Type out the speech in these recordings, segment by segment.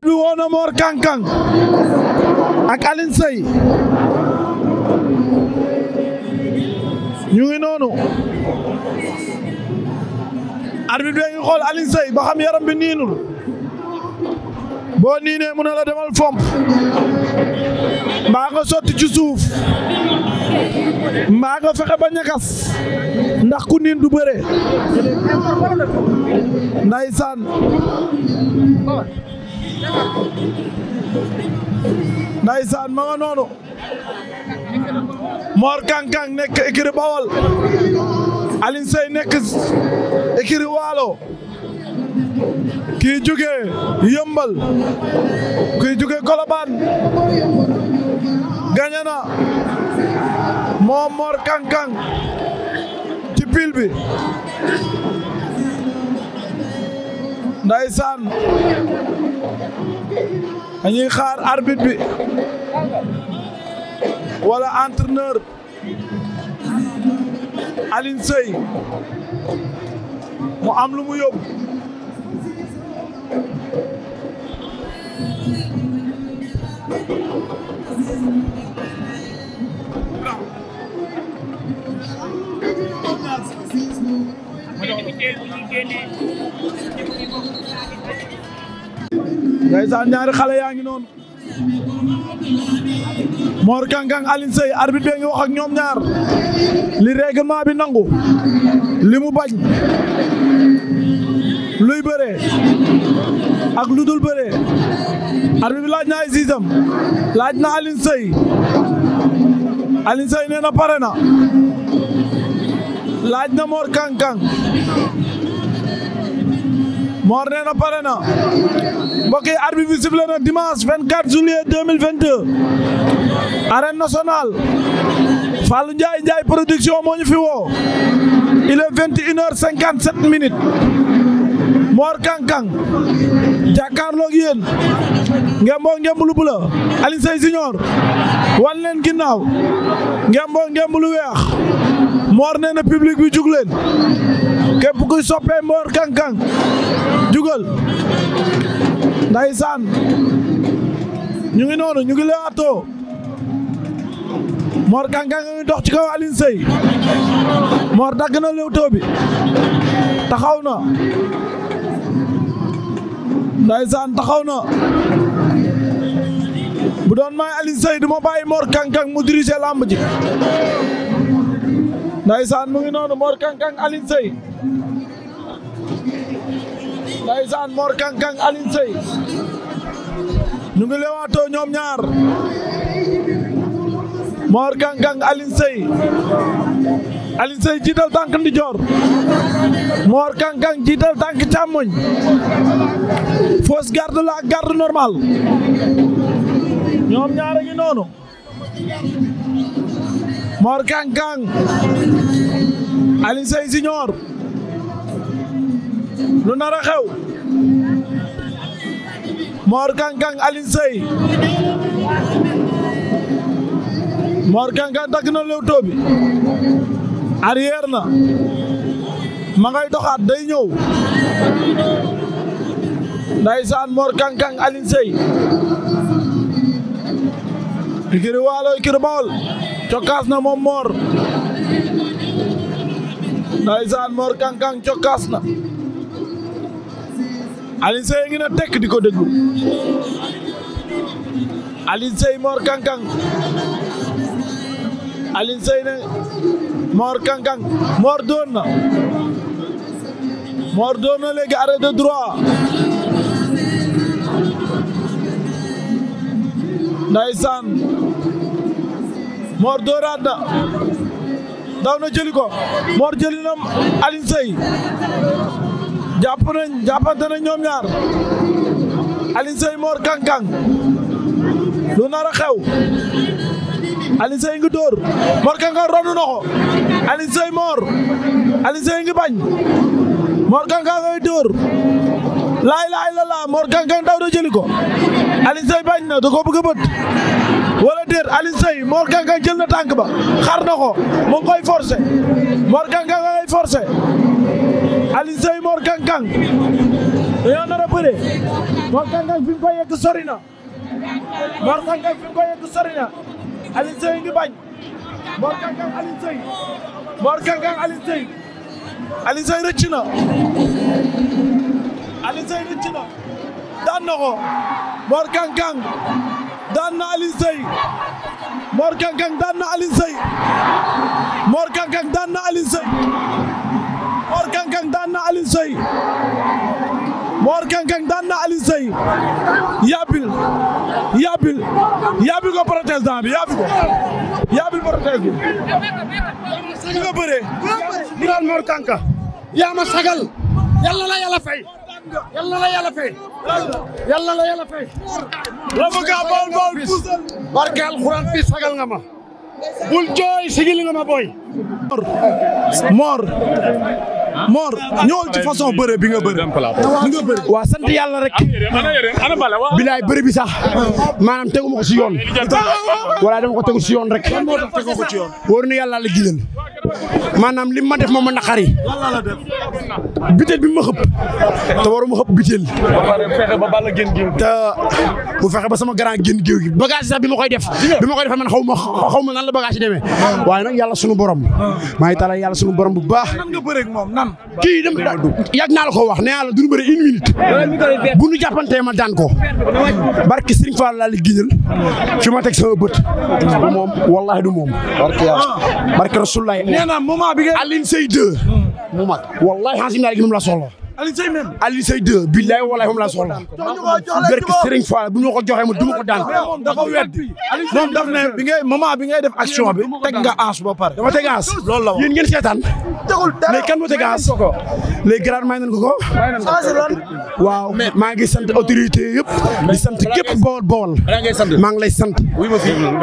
du woon Mor Kankang ak Alioune ñu ngi noonu arbitre bi ngi xool Alioune Seye ba xam yaram bi niinul boo niinee mu ne la demal fomp mbaa sotti ci suuf mbaa nga fexe ba ñakas ndax ku niin du bëre Ndaysaan ma nga noonu Mor Kankang nekk écurie Bawol Alioune Seye nekk écurie Waalo kii jugee Yëmbal kii jugee Colobane gañe na moom Mor Kankang ci pile bi a dañuy xaar arbitre bi wala entraîneur Alioune Seye mu am lu mu yóbbu ndeysaan ñaari xale yaa ngi noonu Mor Kang Kang Alioune Seye arbitre bee wax ak ñoom ñaar li règlement bi nangu li mu bañ luy bëree ak lu dul bëree arbitre bi laaj na ay siisam laaj na Alioune Seye Alioune Seye nee na pare na laaj na Mor Kang Mor nee na pare na mbokk yi arbitre bi sifflé na dimanche 24 juillet 2022 arène nationale Fallou moo ñu fi woo il est 21 heures 57 minutes Mor Kang Kang jàkkaarloog yéen ngemboo ngembulu bula Alioune Seye Junior wan leen ginnaaw ngemboo weex Mor nee na public bi jug leen képp kuy Kang Kang jugal ndaysaan ñu ngi noonu ñu ngi lewaatoo Mor Kànkang ngi dox ci kaw Alioune Seye Mor dagg na lewtoo bi taxaw na ndaysaan taxaw na bu doon may Alioune Seye du ma bàyyi Mor Kànkang mu diriger lamb ji ndaysaan mu ngi noonu Mor Kànkang Alioune ndaysaan Mor Kang Kang Alioune Seye ñu ngi leewaatoo ñoom ñaar Mor Kang Kang Alioune Seye Alioune Seye jiital tànk ndijoor Mor Kang Kang jiital tànk càmmoñ fausse garde la garde normale ñoom ñaar a noonu Mor Kang Kang Alioune Seye lu nar a xew Mor Kang Kang Alioune Seye na lewtoo bi na ma ngay day ñëw ndaysaan Mor Kang Kang Alioune Seye ikiri waalo ikiri bawol na moom Mor ndaysaan Mor Kang Kang cokkaas na Alioune Seye ngi na tekk di ko déglu Alioune Seye Mor Kang Kang Alioune Seye ne Mor Kang Kang Mor doon na Mor doon na léegi arrêt de droit ndaysaan Mor dooraat na daw na jëli ko Mor jëli na Alioune jàpp nañ jàppante nañ ñoom ñaar Alioune Seye Mor lu nar xew Alioune ngi dóor Mor Kang Kang ronu na ko Alioune ngi bañ Mor Kang Kang dóor laay laay la laa Mor Kang Kang daw na bañ na da ko bëgg a bët wala déet xar na ko mu ngi koy forcer Mor Kang a bëre Mor Kang Kang Mor Kang Kang Mor Kang daan na ko Mor Kang Kang daan na Alioune Seye Mor Kang Kang daan na Alioune Seye yàbbil yàbbil yàbbil ko protestant sagal. yàlla la yàlla fay. yàlla la yàlla fay. yàlla la yàlla fii sagal nga ma. bul jooy sigil nga ma booy. Mor Ah. Mor ñëwal ci façon bëre bi nga bëre. waa sant yàlla rek. bilaay bëre bi sax maanaam tegu ma ko si yoon. wala dama ko tegu si yoon rek. wóor na yàlla la gileel maanaam lim ma def moom ma naqari. biteel bi ma xëpp te waruma xëpp biteel. ba bala te bu fexe ba sama grand génn géew gi bagage sax bi ma koy def bi ma koy defee man xaw ma xaw ma nan la bagage yi waaye na yàlla sunu borom maa ngi talal yàlla sunu borom bu baax. nan nga bëreeg moom nan. kii dem yàgg naa la ko wax ne naa la duñu bëri une minute bu ñu jàppantee ma daan ko barki Serigne Fall laa la giñal fi ma teg sama bët du moom wallahi du moom barki yàlla barki rasulullah nee na moment bi nga mu mag wallahi xasim yàlla gi moom la soxla Aliou Seye même Aliou Seye 2 billahi wallahi moom la soxla barke Serigne Fall bu ñu ko joxee mu duma ko daan moom dafa wedd moom bi ngay moment bi ngay def action bi teg nga as ba pare dama teg as loolu la yéen ngeen seetaan mais kan moo teg as les grands may nañ ko ko waaw maa ngi sant autorité yëpp di sant képp bawol bawol maa ngi lay sant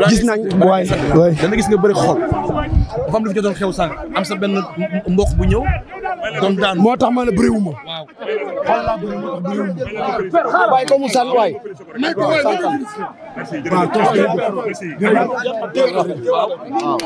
gis nañ waay waay dana gis nga bëri xol dafa am lu fi jotoon xew sànq am sa benn mbokk bu ñëw doon daan moo tax ma ne bëriwu ma waaw xool laa bëriwu ma bëriwu ma waaye ko mu sànn waay waaw